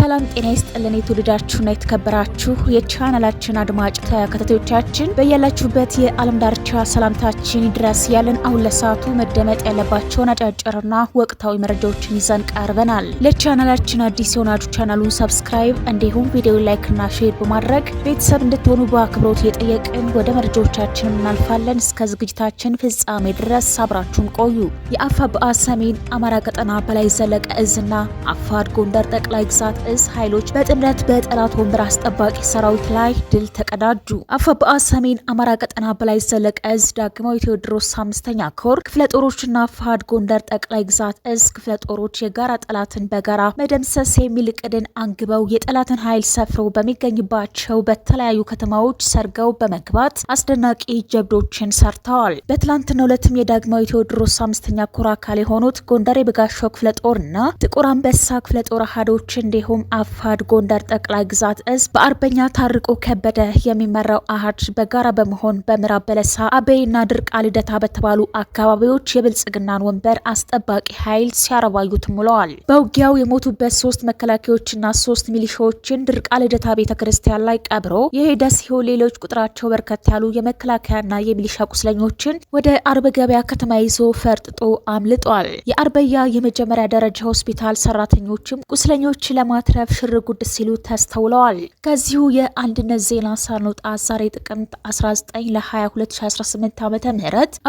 ሰላም ጤና ይስጥልን። የተወደዳችሁና የተከበራችሁ የቻናላችን አድማጭ ተከታታዮቻችን በያላችሁበት የዓለም ዳርቻ ሰላምታችን ይድረስ ያለን። አሁን ለሰዓቱ መደመጥ ያለባቸውን አጫጭርና ወቅታዊ መረጃዎችን ይዘን ቀርበናል። ለቻናላችን አዲስ የሆናችሁ ቻናሉን ሰብስክራይብ፣ እንዲሁም ቪዲዮ ላይክና ሼር በማድረግ ቤተሰብ እንድትሆኑ በአክብሮት የጠየቅን ወደ መረጃዎቻችን እናልፋለን። እስከ ዝግጅታችን ፍጻሜ ድረስ አብራችሁን ቆዩ። የአፋ በአ ሰሜን አማራ ቀጠና በላይ ዘለቀ እዝና አፋድ ጎንደር ጠቅላይ ግዛት እዝ ኃይሎች በጥምረት በጠላት ወንበር አስጠባቂ ሰራዊት ላይ ድል ተቀዳጁ። አፈባ ሰሜን አማራ ቀጠና በላይ ዘለቀ እዝ ዳግማዊ ቴዎድሮስ አምስተኛ ኮር ክፍለ ጦሮችና ፋሃድ ጎንደር ጠቅላይ ግዛት እዝ ክፍለ ጦሮች የጋራ ጠላትን በጋራ መደምሰስ የሚል እቅድን አንግበው የጠላትን ኃይል ሰፍረው በሚገኝባቸው በተለያዩ ከተማዎች ሰርገው በመግባት አስደናቂ ጀብዶችን ሰርተዋል። በትላንትና ሁለትም የዳግማዊ ቴዎድሮስ አምስተኛ ኮር አካል የሆኑት ጎንደር የበጋሻው ክፍለ ጦርና ጥቁር አንበሳ ክፍለ ጦር አሃዶች እንዲሁም እንዲሁም አፋድ ጎንደር ጠቅላይ ግዛት እዝ በአርበኛ ታርቆ ከበደ የሚመራው አሃድ በጋራ በመሆን በምዕራብ በለሳ አበይና ድርቃ ልደታ በተባሉ አካባቢዎች የብልጽግናን ወንበር አስጠባቂ ኃይል ሲያረባዩት ውለዋል። በውጊያው የሞቱበት ሶስት መከላከያዎችና ሶስት ሚሊሻዎችን ድርቃ ልደታ ቤተ ክርስቲያን ላይ ቀብሮ የሄደ ሲሆን ሌሎች ቁጥራቸው በርከት ያሉ የመከላከያና የሚሊሻ ቁስለኞችን ወደ አርብ ገበያ ከተማ ይዞ ፈርጥጦ አምልጧል። የአርበያ የመጀመሪያ ደረጃ ሆስፒታል ሰራተኞችም ቁስለኞች ለማት ለመትረፍ ሽርጉድ ሲሉ ተስተውለዋል። ከዚሁ የአንድነት ዜና ሳንወጣ ዛሬ ጥቅምት 19 ለ 2018 ዓ ም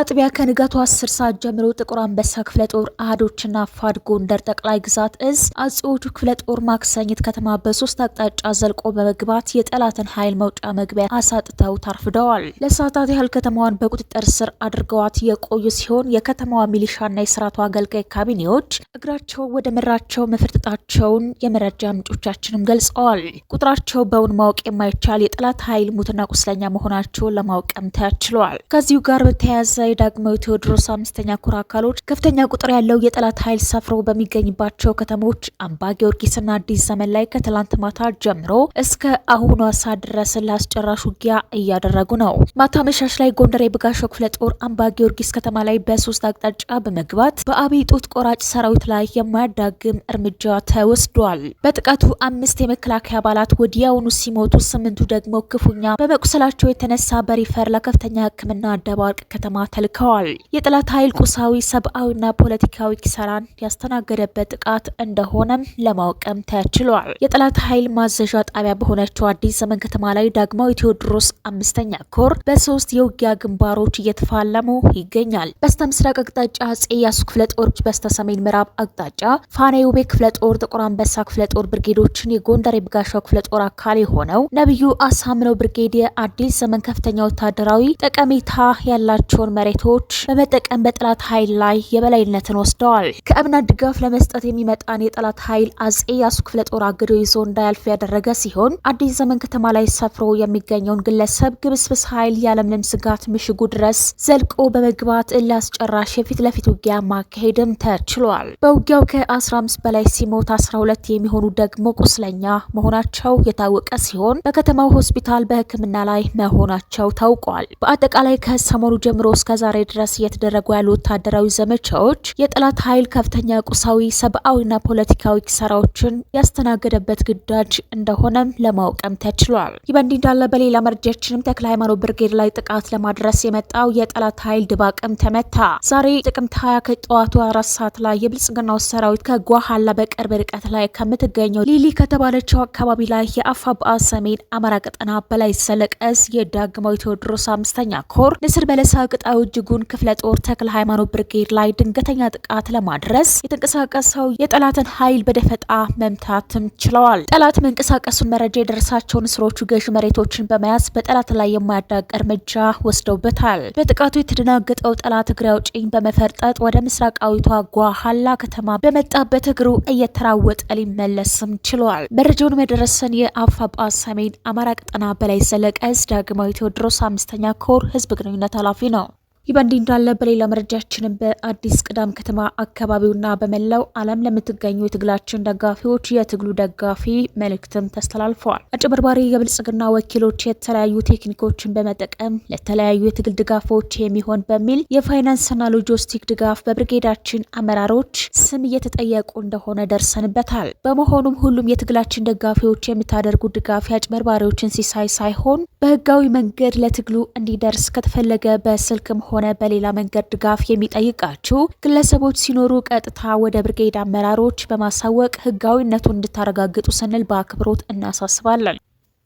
አጥቢያ ከንጋቱ 10 ሰዓት ጀምሮ ጥቁር አንበሳ ክፍለ ጦር አህዶችና ፋድ ጎንደር ጠቅላይ ግዛት እዝ አጼዎቹ ክፍለ ጦር ማክሰኝት ከተማ በሶስት አቅጣጫ ዘልቆ በመግባት የጠላትን ኃይል መውጫ መግቢያ አሳጥተው ታርፍደዋል። ለሰዓታት ያህል ከተማዋን በቁጥጥር ስር አድርገዋት የቆዩ ሲሆን የከተማዋ ሚሊሻና የስርዓቱ አገልጋይ ካቢኔዎች እግራቸው ወደ ምድራቸው መፈርጠጣቸውን የመረጃ ምንጮቻችንም ገልጸዋል። ቁጥራቸው በውን ማወቅ የማይቻል የጠላት ኃይል ሙትና ቁስለኛ መሆናቸውን ለማወቅም ተችሏል። ከዚሁ ጋር በተያያዘ የዳግማዊ ቴዎድሮስ አምስተኛ ኩራ አካሎች ከፍተኛ ቁጥር ያለው የጠላት ኃይል ሰፍሮ በሚገኝባቸው ከተሞች አምባ ጊዮርጊስና አዲስ ዘመን ላይ ከትላንት ማታ ጀምሮ እስከ አሁኑ አሳ ድረስ ለአስጨራሽ ውጊያ እያደረጉ ነው። ማታ መሻሽ ላይ ጎንደር የብጋሾ ክፍለ ጦር አምባ ጊዮርጊስ ከተማ ላይ በሶስት አቅጣጫ በመግባት በአብይ ጡት ቆራጭ ሰራዊት ላይ የማያዳግም እርምጃ ተወስዷል። በጥቃቱ አምስት የመከላከያ አባላት ወዲያውኑ ሲሞቱ ስምንቱ ደግሞ ክፉኛ በመቁሰላቸው የተነሳ በሪፈር ለከፍተኛ ሕክምና ደባርቅ ከተማ ተልከዋል። የጠላት ኃይል ቁሳዊ፣ ሰብአዊና ፖለቲካዊ ኪሳራን ያስተናገደበት ጥቃት እንደሆነም ለማወቅም ተችሏል። የጠላት ኃይል ማዘዣ ጣቢያ በሆነችው አዲስ ዘመን ከተማ ላይ ዳግማዊ ቴዎድሮስ አምስተኛ ኮር በሶስት የውጊያ ግንባሮች እየተፋለሙ ይገኛል። በስተ ምስራቅ አቅጣጫ አጼ ያሱ ክፍለ ጦሮች፣ በስተ ሰሜን ምዕራብ አቅጣጫ ፋኔ ውቤ ክፍለ ጦር፣ ጥቁር አንበሳ ክፍለ ጦር ጦር ብርጌዶችን የጎንደር የብጋሻው ክፍለ ጦር አካል የሆነው ነብዩ አሳምነው ብርጌድ የአዲስ ዘመን ከፍተኛ ወታደራዊ ጠቀሜታ ያላቸውን መሬቶች በመጠቀም በጠላት ኃይል ላይ የበላይነትን ወስደዋል። ከእምነት ድጋፍ ለመስጠት የሚመጣን የጠላት ኃይል አጼ ያሱ ክፍለ ጦር አግዶ ይዞ እንዳያልፍ ያደረገ ሲሆን አዲስ ዘመን ከተማ ላይ ሰፍሮ የሚገኘውን ግለሰብ ግብስብስ ኃይል ያለምንም ስጋት ምሽጉ ድረስ ዘልቆ በመግባት እላስጨራሽ የፊትለፊት የፊት ለፊት ውጊያ ማካሄድም ተችሏል። በውጊያው ከ15 በላይ ሲሞት 12 የሚሆኑ ደግሞ ቁስለኛ መሆናቸው የታወቀ ሲሆን በከተማው ሆስፒታል በሕክምና ላይ መሆናቸው ታውቋል። በአጠቃላይ ከሰሞኑ ጀምሮ እስከ ዛሬ ድረስ እየተደረጉ ያሉ ወታደራዊ ዘመቻዎች የጠላት ኃይል ከፍተኛ ቁሳዊ፣ ሰብአዊና ፖለቲካዊ ኪሳራዎችን ያስተናገደበት ግዳጅ እንደሆነም ለማወቅም ተችሏል። ይህ በእንዲህ እንዳለ በሌላ መረጃችንም ተክለ ሃይማኖት ብርጌድ ላይ ጥቃት ለማድረስ የመጣው የጠላት ኃይል ድባቅም ተመታ። ዛሬ ጥቅምት 20 ከጠዋቱ አራት ሰዓት ላይ የብልጽግናው ሰራዊት ከጓሃላ በቅርብ ርቀት ላይ ከምትገ የሚገኘው ሊሊ ከተባለችው አካባቢ ላይ የአፋብአ ሰሜን አማራ ቀጠና በላይ ሰለቀስ የዳግማዊ ቴዎድሮስ አምስተኛ ኮር ንስር በለሳ ቅጣዩ እጅጉን ክፍለ ጦር ተክለ ሃይማኖት ብርጌድ ላይ ድንገተኛ ጥቃት ለማድረስ የተንቀሳቀሰው የጠላትን ኃይል በደፈጣ መምታትም ችለዋል። ጠላት መንቀሳቀሱን መረጃ የደረሳቸው ንስሮቹ ገዥ መሬቶችን በመያዝ በጠላት ላይ የማያዳግ እርምጃ ወስደውበታል። በጥቃቱ የተደናገጠው ጠላት እግሬ አውጪኝ በመፈርጠጥ ወደ ምስራቃዊቷ ጓሃላ ከተማ በመጣበት እግሩ እየተራወጠ ሊመለስ ሊደርስም ችሏል። መረጃውን መደረሰን የአፋባ ሰሜን አማራ ቀጠና በላይ ዘለቀ ዕዝ ዳግማዊ ቴዎድሮስ አምስተኛ ኮር ህዝብ ግንኙነት ኃላፊ ነው። ይህ በእንዲህ እንዳለ በሌላ መረጃችንም በአዲስ ቅዳም ከተማ አካባቢውና በመላው ዓለም ለምትገኙ የትግላችን ደጋፊዎች የትግሉ ደጋፊ መልእክትም ተስተላልፈዋል። አጭበርባሪ የብልጽግና ወኪሎች የተለያዩ ቴክኒኮችን በመጠቀም ለተለያዩ የትግል ድጋፎች የሚሆን በሚል የፋይናንስና ሎጂስቲክ ድጋፍ በብርጌዳችን አመራሮች ስም እየተጠየቁ እንደሆነ ደርሰንበታል። በመሆኑም ሁሉም የትግላችን ደጋፊዎች የምታደርጉ ድጋፍ የአጭበርባሪዎችን ሲሳይ ሳይሆን በህጋዊ መንገድ ለትግሉ እንዲደርስ ከተፈለገ በስልክም ሆነ በሌላ መንገድ ድጋፍ የሚጠይቃችሁ ግለሰቦች ሲኖሩ ቀጥታ ወደ ብርጌድ አመራሮች በማሳወቅ ህጋዊነቱን እንድታረጋግጡ ስንል በአክብሮት እናሳስባለን።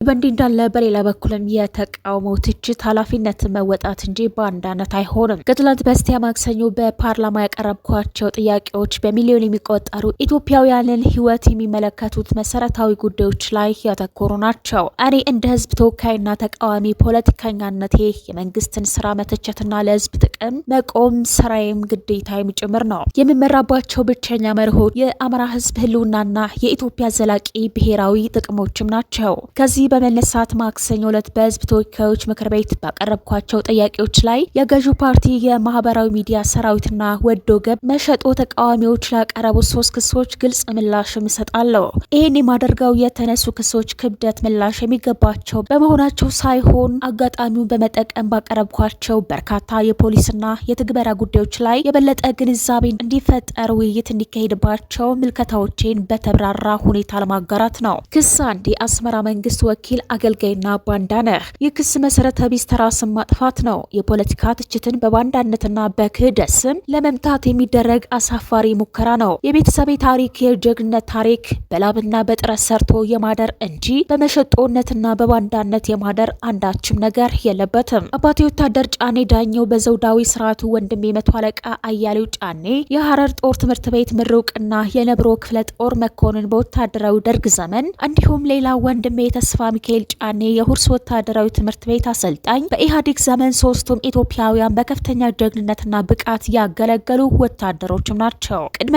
በእንዲህ እንዳለ በሌላ በኩልም የተቃውሞ ትችት ኃላፊነት መወጣት እንጂ በአንዳነት አይሆንም። ከትላንት በስቲያ ማክሰኞ በፓርላማ ያቀረብኳቸው ጥያቄዎች በሚሊዮን የሚቆጠሩ ኢትዮጵያውያንን ሕይወት የሚመለከቱት መሰረታዊ ጉዳዮች ላይ ያተኮሩ ናቸው። እኔ እንደ ሕዝብ ተወካይና ተቃዋሚ ፖለቲከኛነቴ የመንግስትን ስራ መተቸትና ለሕዝብ ጥቅም መቆም ስራዬም ግዴታዬም ጭምር ነው። የምመራባቸው ብቸኛ መርሆች የአማራ ሕዝብ ህልውናና የኢትዮጵያ ዘላቂ ብሔራዊ ጥቅሞችም ናቸው። ከዚህ በመነሳት ማክሰኞ ዕለት በህዝብ ተወካዮች ምክር ቤት ባቀረብኳቸው ጥያቄዎች ላይ የገዢው ፓርቲ የማህበራዊ ሚዲያ ሰራዊትና ወዶ ገብ መሸጦ ተቃዋሚዎች ላቀረቡ ሶስት ክሶች ግልጽ ምላሽም እሰጣለሁ። ይህን የማደርገው የተነሱ ክሶች ክብደት ምላሽ የሚገባቸው በመሆናቸው ሳይሆን አጋጣሚውን በመጠቀም ባቀረብኳቸው በርካታ የፖሊስና የትግበራ ጉዳዮች ላይ የበለጠ ግንዛቤ እንዲፈጠር ውይይት እንዲካሄድባቸው ምልከታዎቼን በተብራራ ሁኔታ ለማጋራት ነው። ክስ አንድ የአስመራ መንግስት ወኪል አገልጋይና ባንዳ ነህ። የክስ መሰረተ ቢስ ተራ ስም ማጥፋት ነው። የፖለቲካ ትችትን በባንዳነትና በክህደት ስም ለመምታት የሚደረግ አሳፋሪ ሙከራ ነው። የቤተሰቤ ታሪክ የጀግነት ታሪክ በላብና በጥረት ሰርቶ የማደር እንጂ በመሸጦነትና በባንዳነት የማደር አንዳችም ነገር የለበትም። አባቴ ወታደር ጫኔ ዳኘው በዘውዳዊ ስርዓቱ ወንድሜ መቶ አለቃ አያሌው ጫኔ የሀረር ጦር ትምህርት ቤት ምሩቅና የነብሮ ክፍለ ጦር መኮንን በወታደራዊ ደርግ ዘመን እንዲሁም ሌላ ወንድሜ የተስፋ ሚካኤል ጫኔ የሁርስ ወታደራዊ ትምህርት ቤት አሰልጣኝ በኢህአዴግ ዘመን ሶስቱም ኢትዮጵያውያን በከፍተኛ ጀግንነትና ብቃት ያገለገሉ ወታደሮችም ናቸው። ቅድመ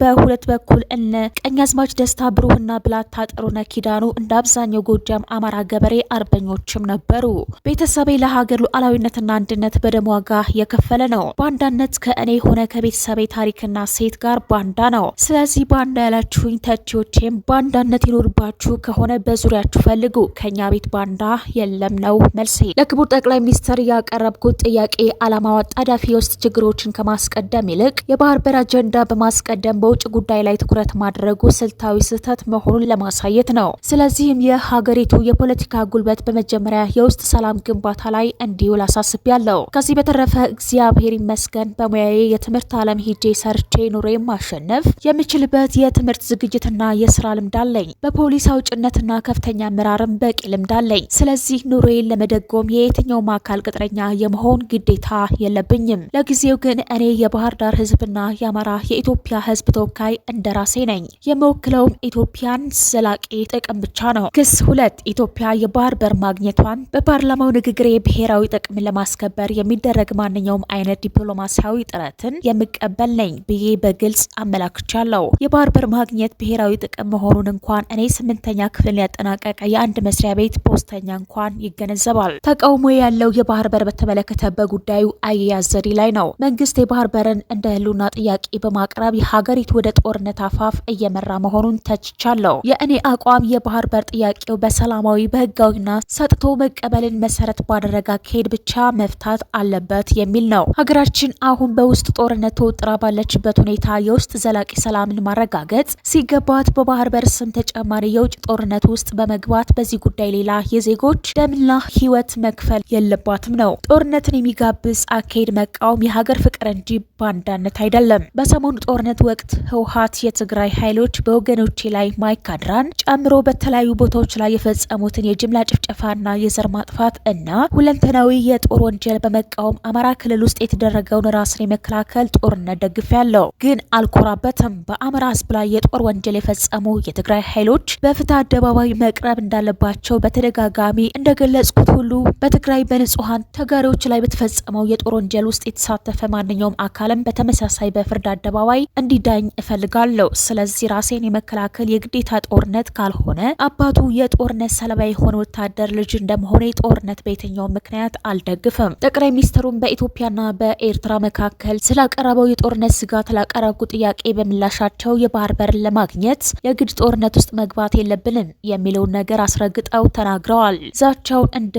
በሁለት በኩል እነ ቀኛዝማች ደስታ ብሩህና ብላታ ጥሩነ ኪዳኑ እንደ አብዛኛው ጎጃም አማራ ገበሬ አርበኞችም ነበሩ። ቤተሰቤ ለሀገር ሉዓላዊነትና አንድነት በደም ዋጋ የከፈለ ነው። ባንዳነት ከእኔ ሆነ ከቤተሰቤ ታሪክና ሴት ጋር ባንዳ ነው። ስለዚህ ባንዳ ያላችሁኝ ተቺዎቼም ባንዳነት ይኖርባችሁ ከሆነ በዙሪያችሁ ፈልጉ፣ ከኛ ቤት ባንዳ የለም ነው መልሴ። ለክቡር ጠቅላይ ሚኒስትር ያቀረብኩት ጥያቄ አላማዋ አጣዳፊ የውስጥ ችግሮችን ከማስቀደም ይልቅ የባህር በር አጀንዳ በማስቀደም በውጭ ጉዳይ ላይ ትኩረት ማድረጉ ስልታዊ ስህተት መሆኑን ለማሳየት ነው። ስለዚህም የሀገሪቱ የፖለቲካ ጉልበት በመጀመሪያ የውስጥ ሰላም ግንባታ ላይ እንዲውል አሳስቢያለሁ። ከዚህ በተረፈ እግዚአብሔር ይመስገን በሙያዬ የትምህርት ዓለም ሂጄ ሰርቼ ኑሬ ማሸነፍ የምችልበት የትምህርት ዝግጅትና የስራ ልምድ አለኝ። በፖሊስ አውጭነትና ከፍተኛ ምራ አሰራርም በቂ ልምድ አለኝ። ስለዚህ ኑሮዬን ለመደጎም የየትኛውም አካል ቅጥረኛ የመሆን ግዴታ የለብኝም። ለጊዜው ግን እኔ የባህር ዳር ህዝብና የአማራ የኢትዮጵያ ህዝብ ተወካይ እንደራሴ ነኝ። የመወክለውም ኢትዮጵያን ዘላቂ ጥቅም ብቻ ነው። ክስ ሁለት ኢትዮጵያ የባህር በር ማግኘቷን በፓርላማው ንግግሬ ብሔራዊ ጥቅም ለማስከበር የሚደረግ ማንኛውም አይነት ዲፕሎማሲያዊ ጥረትን የምቀበል ነኝ ብዬ በግልጽ አመላክቻለሁ። የባህር በር ማግኘት ብሔራዊ ጥቅም መሆኑን እንኳን እኔ ስምንተኛ ክፍልን ያጠናቀቀ የአንድ መስሪያ ቤት ፖስተኛ እንኳን ይገነዘባል። ተቃውሞ ያለው የባህር በር በተመለከተ በጉዳዩ አያያዝ ዘዴ ላይ ነው። መንግስት የባህር በርን እንደ ህልውና ጥያቄ በማቅረብ የሀገሪቱ ወደ ጦርነት አፋፍ እየመራ መሆኑን ተችቻለሁ። የእኔ አቋም የባህር በር ጥያቄው በሰላማዊ በህጋዊና ሰጥቶ መቀበልን መሰረት ባደረገ አካሄድ ብቻ መፍታት አለበት የሚል ነው። ሀገራችን አሁን በውስጥ ጦርነት ተወጥራ ባለችበት ሁኔታ የውስጥ ዘላቂ ሰላምን ማረጋገጥ ሲገባት በባህር በር ስም ተጨማሪ የውጭ ጦርነት ውስጥ በመግባት ሀገራት በዚህ ጉዳይ ሌላ የዜጎች ደምና ህይወት መክፈል የለባትም ነው። ጦርነትን የሚጋብዝ አካሄድ መቃወም የሀገር ፍቅር እንጂ ባንዳነት አይደለም። በሰሞኑ ጦርነት ወቅት ህውሀት የትግራይ ኃይሎች በወገኖቼ ላይ ማይካድራን ጨምሮ በተለያዩ ቦታዎች ላይ የፈጸሙትን የጅምላ ጭፍጨፋና የዘር ማጥፋት እና ሁለንተናዊ የጦር ወንጀል በመቃወም አማራ ክልል ውስጥ የተደረገውን ራስን የመከላከል ጦርነት ደግፍ ያለው ግን አልኮራበትም። በአማራ ህዝብ ላይ የጦር ወንጀል የፈጸሙ የትግራይ ኃይሎች በፍትህ አደባባይ መቅረብ እንዳ እንዳለባቸው በተደጋጋሚ እንደገለጽኩት ሁሉ በትግራይ በንጹሐን ተጋሪዎች ላይ በተፈጸመው የጦር ወንጀል ውስጥ የተሳተፈ ማንኛውም አካልም በተመሳሳይ በፍርድ አደባባይ እንዲዳኝ እፈልጋለሁ። ስለዚህ ራሴን የመከላከል የግዴታ ጦርነት ካልሆነ አባቱ የጦርነት ሰለባ የሆነ ወታደር ልጅ እንደመሆኔ ጦርነት በየትኛውም ምክንያት አልደግፍም። ጠቅላይ ሚኒስትሩም በኢትዮጵያና በኤርትራ መካከል ስላቀረበው የጦርነት ስጋት ላቀረብኩ ጥያቄ በምላሻቸው የባህር በርን ለማግኘት የግድ ጦርነት ውስጥ መግባት የለብንም የሚለውን ነገር አስረግጠው ተናግረዋል። ዛቻውን እንደ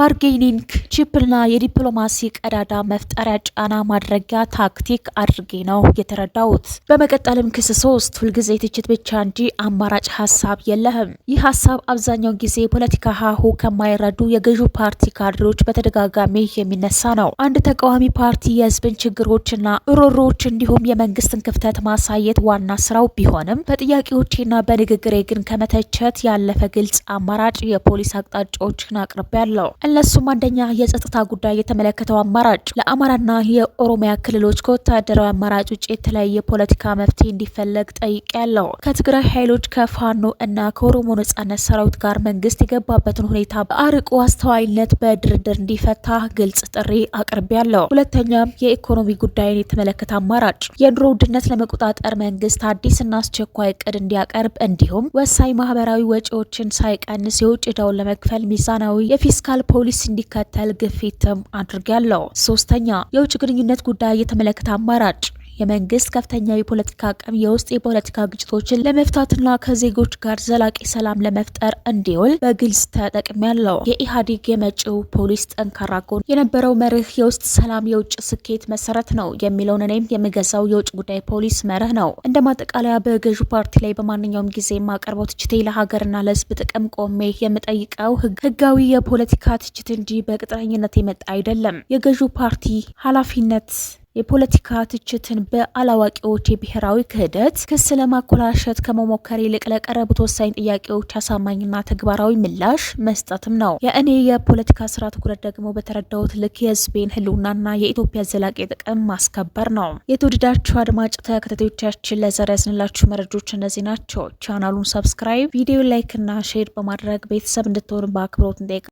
ባርጌኒንግ ቺፕና የዲፕሎማሲ ቀዳዳ መፍጠሪያ ጫና ማድረጊያ ታክቲክ አድርጌ ነው የተረዳሁት። በመቀጠልም ክስ ሶስት ሁልጊዜ ትችት ብቻ እንጂ አማራጭ ሀሳብ የለህም። ይህ ሀሳብ አብዛኛውን ጊዜ ፖለቲካ ሀሁ ከማይረዱ የገዢው ፓርቲ ካድሬዎች በተደጋጋሚ የሚነሳ ነው። አንድ ተቃዋሚ ፓርቲ የህዝብን ችግሮችና እሮሮዎች እንዲሁም የመንግስትን ክፍተት ማሳየት ዋና ስራው ቢሆንም በጥያቄዎቼና በንግግሬ ግን ከመተቸት ያለፈ ግልጽ አማራጭ የፖሊስ አቅጣጫዎችን ያለው እነሱም አንደኛ የጸጥታ ጉዳይ የተመለከተው አማራጭ ለአማራና የኦሮሚያ ክልሎች ከወታደራዊ አማራጭ ውጭ የተለያየ የፖለቲካ መፍትሄ እንዲፈለግ ጠይቅ ያለው ከትግራይ ኃይሎች ከፋኖ እና ከኦሮሞ ነጻነት ሰራዊት ጋር መንግስት የገባበትን ሁኔታ በአርቆ አስተዋይነት በድርድር እንዲፈታ ግልጽ ጥሪ አቅርቤ ያለው። ሁለተኛም የኢኮኖሚ ጉዳይን የተመለከተ አማራጭ የኑሮ ውድነት ለመቆጣጠር መንግስት አዲስና አስቸኳይ እቅድ እንዲያቀርብ እንዲሁም ወሳኝ ማህበራዊ ወጪዎችን ሳይቀንስ የውጭ እዳውን ለመክፈል ሚዛናዊ የፊስካል ፖሊስ እንዲከተል ግፊትም አድርጊያለሁ። ሶስተኛ የውጭ ግንኙነት ጉዳይ የተመለከተ አማራጭ የመንግስት ከፍተኛ የፖለቲካ አቅም የውስጥ የፖለቲካ ግጭቶችን ለመፍታትና ከዜጎች ጋር ዘላቂ ሰላም ለመፍጠር እንዲውል በግልጽ ተጠቅሚያለው። የኢህአዴግ የመጪው ፖሊስ ጠንካራ ጎን የነበረው መርህ የውስጥ ሰላም የውጭ ስኬት መሰረት ነው የሚለውን እኔም የምገዛው የውጭ ጉዳይ ፖሊስ መርህ ነው። እንደ ማጠቃለያ በገዢ ፓርቲ ላይ በማንኛውም ጊዜ የማቀርበው ትችቴ ለሀገርና ለህዝብ ጥቅም ቆሜ የምጠይቀው ህጋዊ የፖለቲካ ትችት እንጂ በቅጥረኝነት የመጣ አይደለም። የገዢ ፓርቲ ኃላፊነት የፖለቲካ ትችትን በአላዋቂዎች የብሔራዊ ክህደት ክስ ለማኮላሸት ከመሞከር ይልቅ ለቀረቡት ወሳኝ ጥያቄዎች አሳማኝና ተግባራዊ ምላሽ መስጠትም ነው። የእኔ የፖለቲካ ስራ ትኩረት ደግሞ በተረዳሁት ልክ የህዝቤን ህልውናና የኢትዮጵያ ዘላቂ ጥቅም ማስከበር ነው። የተወደዳችሁ አድማጭ ተከታታዮቻችን ለዛሬ ያዝንላችሁ መረጃዎች እነዚህ ናቸው። ቻናሉን ሰብስክራይብ፣ ቪዲዮ ላይክና ሼር በማድረግ ቤተሰብ እንድትሆን በአክብሮት እንጠይቃለን።